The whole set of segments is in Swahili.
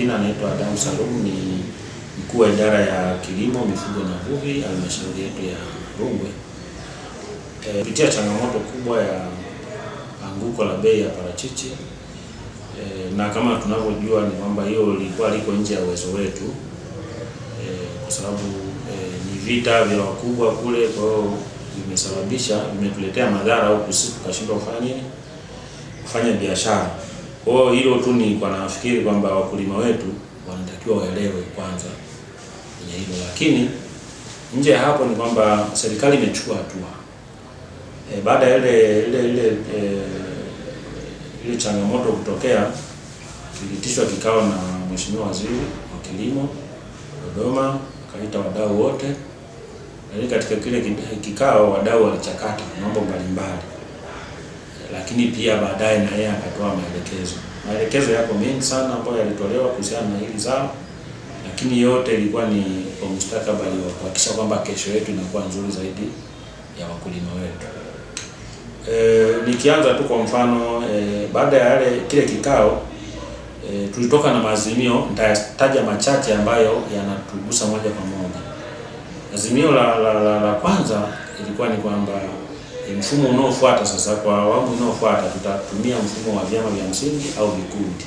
majina anaitwa Adamu Salumu, ni mkuu wa idara ya kilimo, mifugo na uvuvi halmashauri yetu ya Rungwe. Eh, kupitia e, changamoto kubwa ya anguko la bei ya parachichi e, na kama tunavyojua ni kwamba hiyo ilikuwa liko nje ya uwezo wetu e, kwa sababu e, ni vita vya wakubwa kule, kwa hiyo vimesababisha, vimetuletea madhara huku sisi tukashindwa kufanya nini, kufanya biashara. Kwa hiyo hilo tu kwa nafikiri kwamba wakulima wetu wanatakiwa waelewe kwanza kwenye hilo, lakini nje ya hapo ni kwamba serikali imechukua hatua e, baada ya ile ile ile e, ile changamoto kutokea, kilitishwa kikao na Mheshimiwa Waziri wa Kilimo Dodoma, akaita wadau wote, lakini katika kile kikao wadau walichakata mambo mbalimbali lakini pia baadaye na yeye akatoa maelekezo. Maelekezo yako mengi sana ambayo yalitolewa kuhusiana na hili zao, lakini yote ilikuwa ni kwa mustakabali wa kuhakikisha kwamba kesho yetu inakuwa nzuri zaidi ya wakulima wetu. E, nikianza tu kwa mfano e, baada ya yale kile kikao e, tulitoka na maazimio, nitayataja machache ambayo yanatugusa moja kwa moja. Azimio la, la, la, la kwanza ilikuwa ni kwamba mfumo unaofuata sasa, kwa awamu inayofuata tutatumia mfumo wa vyama vya msingi au vikundi,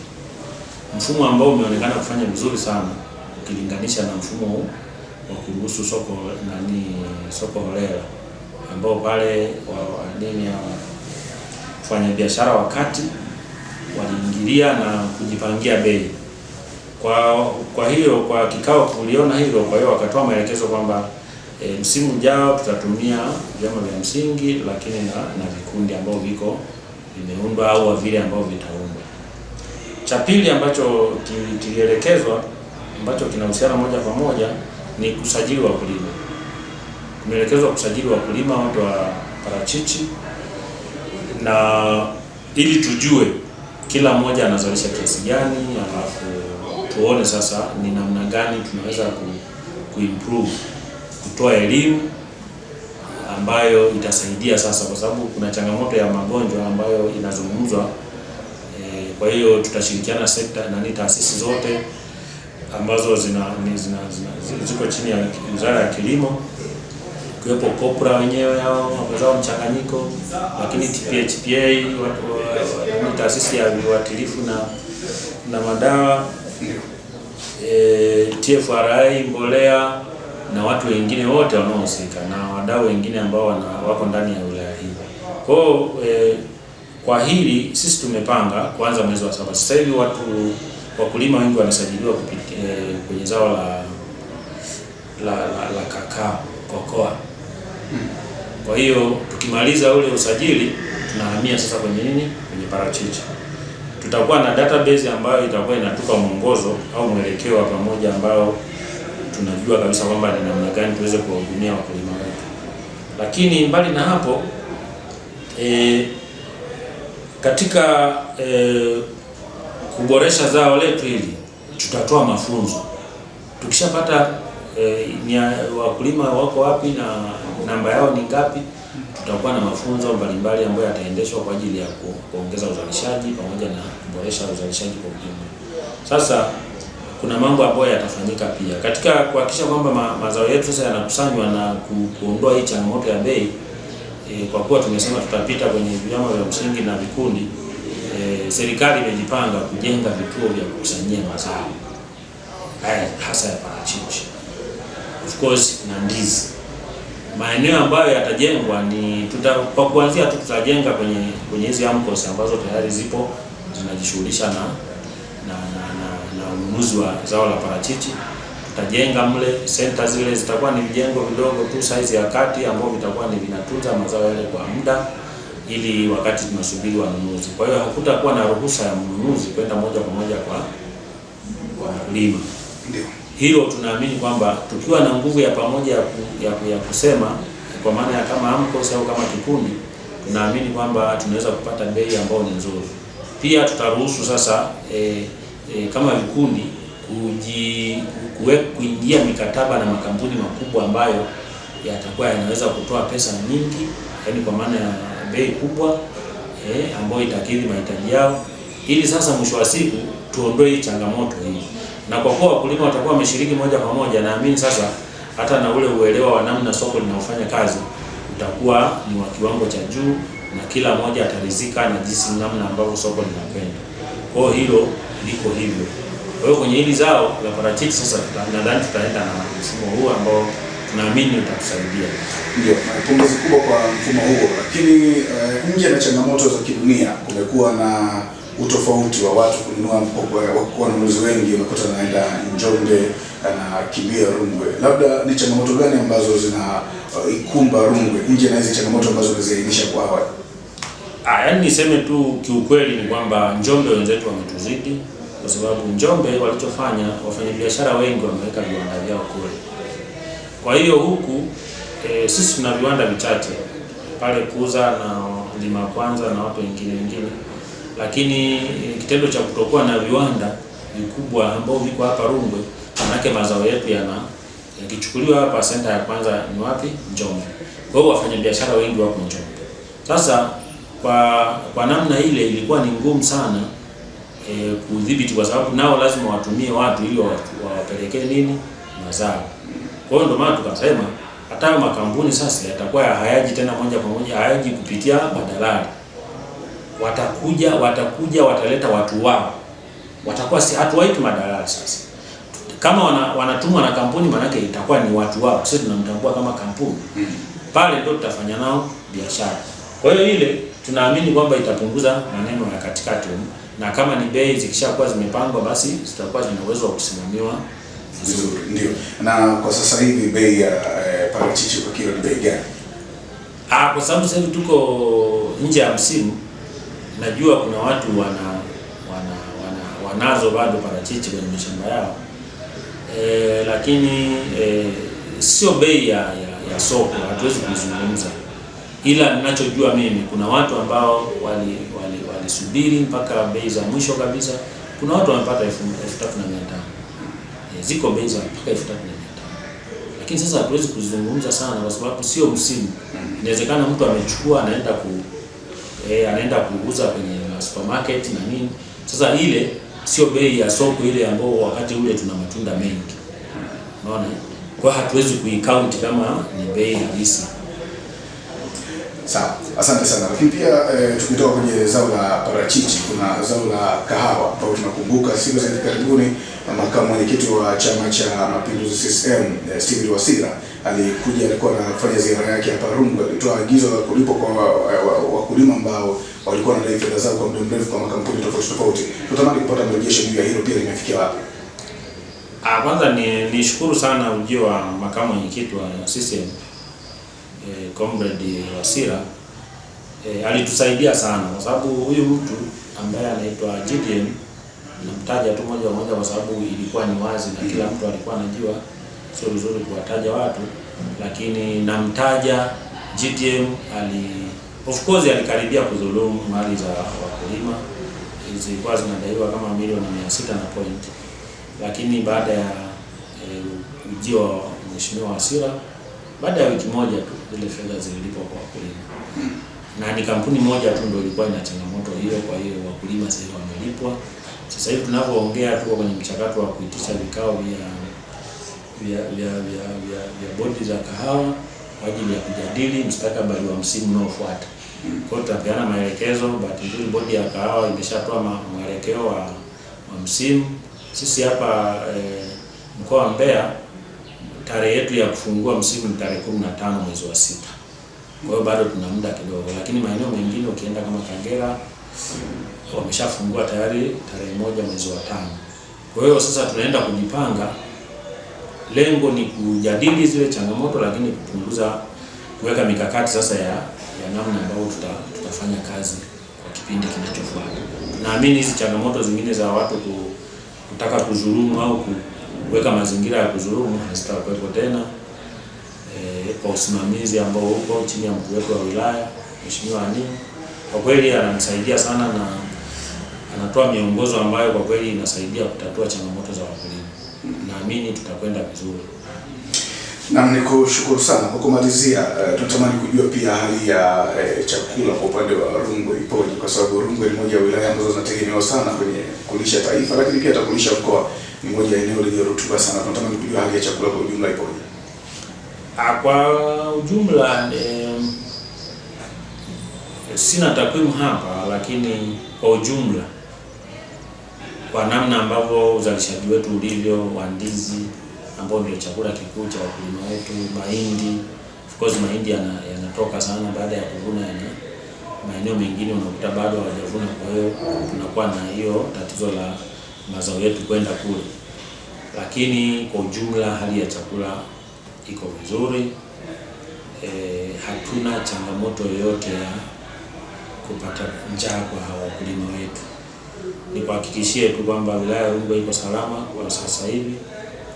mfumo ambao umeonekana kufanya vizuri sana ukilinganisha na mfumo huu wa kuruhusu soko nani, soko holela ambao pale wa nini biashara wakati waliingilia na kujipangia bei. Kwa kwa hiyo kwa kikao kuliona hilo, kwa hiyo wakatoa maelekezo kwamba E, msimu mjao tutatumia vyama vya msingi lakini na, na vikundi ambao viko vimeundwa au vile ambavyo vitaundwa. Cha pili ambacho kilielekezwa ambacho kinahusiana moja kwa moja ni kusajili wakulima. Kumeelekezwa kusajili wakulima watu wa parachichi na ili tujue kila mmoja anazalisha kiasi gani, alafu tuone sasa ni namna gani tunaweza ku, kuimprove kutoa elimu ambayo itasaidia sasa, kwa sababu kuna changamoto ya magonjwa ambayo inazungumzwa e. Kwa hiyo tutashirikiana sekta na taasisi zote ambazo zina, zina, zina ziko chini ya Wizara ya Kilimo kiwepo kopra wenyewe hao wapozao mchanganyiko, lakini TPHPA ni taasisi ya viuatilifu na na madawa e, eh, TFRI mbolea na watu wengine wote wanaohusika na wadau wengine ambao wana, wako ndani ya wilaya hii. Kwa hiyo eh, kwa hili sisi tumepanga kuanza mwezi wa saba. Sasa hivi watu wakulima wengi wanasajiliwa eh, kwenye zao la la, la, la kakao kokoa. Kwa hiyo tukimaliza ule usajili tunahamia sasa kwenye nini? Kwenye parachichi. Tutakuwa na database ambayo itakuwa inatupa mwongozo au mwelekeo wa pamoja ambao tunajua kabisa kwamba ni namna gani tuweze kuwahudumia wakulima wetu. Lakini mbali na hapo e, katika e, kuboresha zao letu hili tutatoa mafunzo tukishapata e, ni wakulima wako wapi na namba yao ni ngapi, tutakuwa na mafunzo mbalimbali ambayo yataendeshwa kwa ajili ya kuongeza uzalishaji pamoja na kuboresha uzalishaji kwa ujumla. Sasa kuna mambo ambayo yatafanyika pia katika kuhakikisha kwamba ma, mazao yetu sasa yanakusanywa na ku, kuondoa hii changamoto ya bei e, kwa kuwa tumesema tutapita kwenye vyama vya msingi na vikundi e, serikali imejipanga kujenga vituo vya kukusanyia mazao haya hasa ya parachichi of course na ndizi. Maeneo ambayo yatajengwa ni tuta, kwa kuanzia tu tutajenga kwenye kwenye hizi AMCOS ambazo tayari zipo zinajishughulisha na na, na ununuzi wa zao la parachichi. Tutajenga mle senta, zile zitakuwa ni vijengo vidogo tu size ya kati, ambao vitakuwa ni vinatunza mazao yale kwa muda, ili wakati tunasubiri wanunuzi. Kwa hiyo hakutakuwa na ruhusa ya mnunuzi kwenda moja kwa moja kwa wakulima. Ndio hilo tunaamini kwamba tukiwa na nguvu ya pamoja ya, ku, ya, ku, ya kusema kwa maana ya kama AMCOS au kama kikundi, tunaamini kwamba tunaweza kupata bei ambayo ni nzuri. Pia tutaruhusu sasa eh, e, kama vikundi kuingia mikataba na makampuni makubwa ambayo yatakuwa yanaweza kutoa pesa nyingi, yaani kwa maana ya bei kubwa e, ambayo itakidhi mahitaji yao, ili sasa mwisho wa siku tuondoe hii changamoto hii. Na kwa kuwa wakulima watakuwa wameshiriki moja kwa moja, naamini sasa hata na ule uelewa wa namna soko linafanya kazi utakuwa ni wa kiwango cha juu, na kila mmoja ataridhika na jinsi namna ambavyo soko linapenda. Kwa hiyo hilo liko hivyo. Kwa hiyo kwenye hili zao la parachichi sasa nadhani tutaenda na mfumo huu ambao tunaamini utatusaidia. Ndio, pongezi kubwa kwa mfumo huo, lakini uh, nje na changamoto za kidunia kumekuwa na utofauti wa watu kununua mkopo eh, wa wanunuzi wengi, unakuta naenda Njombe kibia Rungwe. Labda ni changamoto gani ambazo zinaikumba eh, uh, Rungwe nje na hizi changamoto ambazo umeziainisha kwa awali? Ah, yaani niseme tu kiukweli ni kwamba Njombe wenzetu wametuzidi, kwa sababu Njombe walichofanya wafanyabiashara wengi wameweka viwanda vyao kule. Kwa hiyo huku e, sisi tuna viwanda vichache pale Kuza na Lima Kwanza na watu wengine wengine, lakini eh, kitendo cha kutokuwa na viwanda vikubwa ambao viko hapa Rungwe, manake mazao yetu yana yakichukuliwa hapa. Senta ya kwanza ni wapi? Njombe. Kwa hiyo wafanyabiashara wengi wako Njombe sasa kwa kwa namna ile ilikuwa ni ngumu sana e, kudhibiti kwa sababu nao lazima watumie watu ili wawapelekee nini mazao. Kwa hiyo ndio maana tukasema hata makampuni sasa yatakuwa hayaji tena moja kwa moja, hayaji kupitia madalali, watakuja watakuja wataleta watu wao, watakuwa si hatuwaiti madalali sasa. Kama wana, wanatumwa na kampuni, manake itakuwa ni watu wao, sisi tunamtambua kama kampuni hmm. pale, ndio tutafanya nao biashara. Kwa hiyo ile tunaamini kwamba itapunguza maneno ya katikati, na kama ni bei zikishakuwa zimepangwa, basi zitakuwa zina uwezo wa kusimamiwa vizuri. Ndio, na kwa sasa hivi bei ya eh, parachichi kwa kilo ni bei gani? Ah, kwa sababu sasa hivi tuko nje ya msimu, najua kuna watu wana, wana, wana wanazo bado parachichi kwenye mashamba yao e, lakini e, sio bei ya, ya, ya soko, hatuwezi kuzungumza ila ninachojua mimi, kuna watu ambao walisubiri wali, wali mpaka bei za mwisho kabisa. Kuna watu wamepata elfu eh, ziko bei za mpaka elfu lakini sasa hatuwezi kuzungumza sana kwa sababu sio msimu. Inawezekana mtu amechukua anaenda ku e, anaenda kuuza kwenye supermarket na nini. Sasa ile sio bei ya soko ile ambayo wakati ule tuna matunda mengi, unaona. Kwa hatuwezi kuikaunti kama ni bei halisi. Sawa, asante sana. Lakini pia e, tukitoka kwenye zao la parachichi, kuna zao la kahawa ambao tunakumbuka siku za hivi karibuni, makamu mwenyekiti wa Chama cha Mapinduzi CCM e, eh, Stephen Wasira alikuja, alikuwa anafanya ziara yake hapa Rungwe, alitoa agizo la kulipo kwa eh, wakulima wa, wa ambao walikuwa wanadai fedha zao kwa muda mrefu kwa makampuni tofauti tofauti. Tutamani kupata mrejesho juu ya hilo pia limefikia wapi. Ah, Kwanza ni nishukuru sana ujio wa makamu mwenyekiti wa CCM eh, Comrade Wasira eh, alitusaidia sana kwa sababu huyu mtu ambaye anaitwa GDM namtaja tu moja kwa moja kwa sababu ilikuwa ni wazi na kila mtu alikuwa anajua, sio vizuri kuwataja watu, lakini namtaja GDM ali of course alikaribia kudhulumu mali za wakulima, zilikuwa zinadaiwa kama milioni mia sita na point, lakini baada ya e, ujio wa Mheshimiwa Wasira baada ya wiki moja tu zile fedha zililipwa kwa wakulima, na ni kampuni moja tu ndio ilikuwa ina changamoto hiyo. Kwa hiyo wakulima sasa hivi wamelipwa. Sasa hivi tunavyoongea, tuko kwenye mchakato wa kuitisha vikao vya vya vya vya vya bodi za kahawa kwa ajili ya kujadili mstakabali wa msimu unaofuata. Kwa hiyo tutapeana maelekezo. Bahati nzuri bodi ya kahawa imeshatoa mwelekeo wa, wa msimu. Sisi hapa eh, mkoa wa Mbeya tarehe yetu ya kufungua msimu ni tarehe tano mwezi wa sita. Kwa hiyo bado tuna muda kidogo, lakini maeneo mengine ukienda kama Kagera wameshafungua tayari tarehe moja mwezi wa tano. Kwa hiyo sasa tunaenda kujipanga, lengo ni kujadili zile changamoto, lakini kupunguza, kuweka mikakati sasa ya, ya namna ambayo tuta, tutafanya kazi kwa kipindi kinachofuata. Naamini hizi changamoto zingine za watu kutaka kuzurumu au kuweka mazingira ya kudhulumu hazitakuwepo tena e, kwa usimamizi ambao uko chini ya mkuu wetu wa wilaya Mheshimiwa Ani, kwa kweli anamsaidia sana na anatoa miongozo ambayo kwa kweli inasaidia kutatua changamoto za wakulima. Naamini tutakwenda vizuri. Na nikushukuru sana kwa kumalizia. Uh, tunatamani kujua pia hali ya uh, chakula kwa upande wa Rungwe ipoje, kwa sababu Rungwe ni moja ya wilaya ambazo zinategemewa sana kwenye kulisha taifa, lakini pia takulisha mkoa. Ni moja ya eneo lenye rutuba sana. Tunatamani kujua hali ya chakula kwa ujumla ipoje. Ah, kwa ujumla eh, sina takwimu hapa, lakini kwa ujumla kwa namna ambavyo uzalishaji wetu ulivyo wa ndizi ambao ndio chakula kikuu cha wakulima wetu, mahindi. Of course mahindi yanatoka sana baada ya kuvuna, yana maeneo mengine unakuta bado hawajavuna, kwa hiyo tunakuwa na hiyo tatizo la mazao yetu kwenda kule, lakini kwa ujumla hali ya chakula iko vizuri. E, hatuna changamoto yoyote ya kupata njaa kwa wakulima wetu. Nikuhakikishie tu kwamba wilaya ya Rungwe iko salama kwa sasa hivi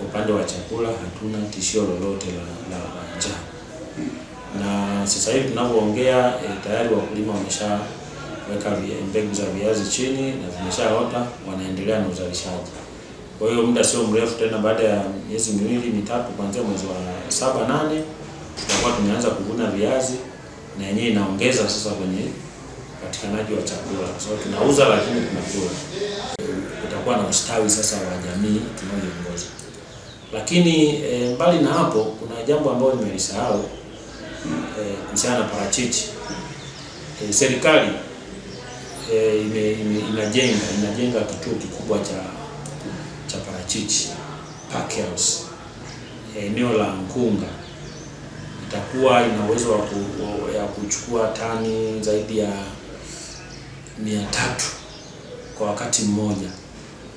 upande wa chakula hatuna tishio lolote la, la, la njaa na sasa hivi tunavyoongea e, tayari wakulima wameshaweka mbegu za viazi chini na zimeshaota, wanaendelea na uzalishaji. Kwa hiyo muda sio mrefu tena, baada ya miezi miwili mitatu, kuanzia mwezi wa saba nane, tutakuwa tumeanza kuvuna viazi, na yenyewe inaongeza sasa kwenye upatikanaji wa chakula, kwa sababu so, tunauza lakini tunakula. Kutakuwa na ustawi sasa wa jamii tunayoongoza. Lakini e, mbali na hapo kuna jambo ambalo nimelisahau e, kuhusiana na parachichi e, serikali e, ime, ime, inajenga inajenga kituo kikubwa cha cha parachichi Parkhouse eneo la Nkunga itakuwa ina uwezo wa kuchukua tani zaidi ya mia tatu kwa wakati mmoja.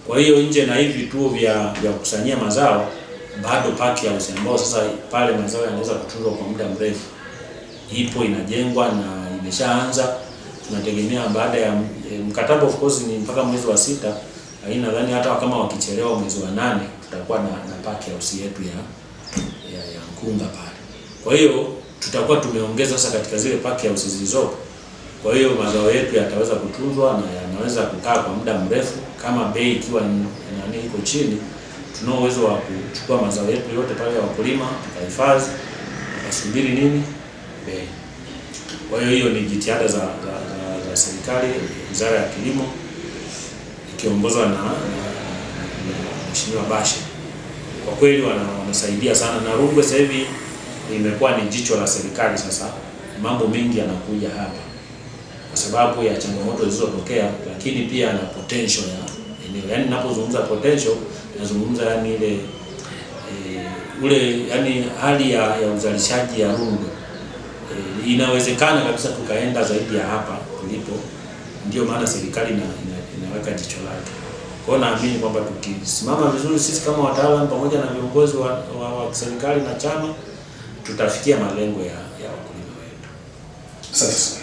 Kwa hiyo nje na hivi vituo vya vya kukusanyia mazao bado park house ambayo sasa pale mazao yanaweza kutunzwa kwa muda mrefu ipo inajengwa na imeshaanza. Tunategemea baada ya e, mkataba of course ni mpaka mwezi wa sita, lakini nadhani hata kama wakichelewa mwezi wa nane tutakuwa na, na ya usi yetu ya ya, ya Nkunga pale. Kwa hiyo tutakuwa tumeongeza sasa katika zile ya usi zilizopo. Kwa hiyo mazao yetu yataweza kutunzwa na yanaweza kukaa kwa muda mrefu kama bei ikiwa nani iko chini tunao uwezo wa kuchukua mazao yetu yote pale ya wakulima tukahifadhi, tukasubiri nini bei. Kwa hiyo hiyo ni jitihada za, za, za, za serikali, Wizara ya Kilimo ikiongozwa na Mheshimiwa Bashe, kwa kweli wanasaidia sana, na Rungwe sasa hivi imekuwa ni jicho la serikali. Sasa mambo mengi yanakuja hapa kwa sababu ya changamoto zilizotokea, lakini pia na potential ya eneo. Yaani ninapozungumza potential nazungumza yani ile e, ule yani hali ya, ya uzalishaji ya rundo e, eh, inawezekana kabisa tukaenda zaidi ya hapa tulipo. Ndio maana serikali ina, ina, inaweka jicho lake. Kwa hiyo naamini kwamba tukisimama vizuri sisi kama wataalamu pamoja na viongozi wa, wa, wa serikali na chama tutafikia malengo ya, ya wakulima wetu. Sasa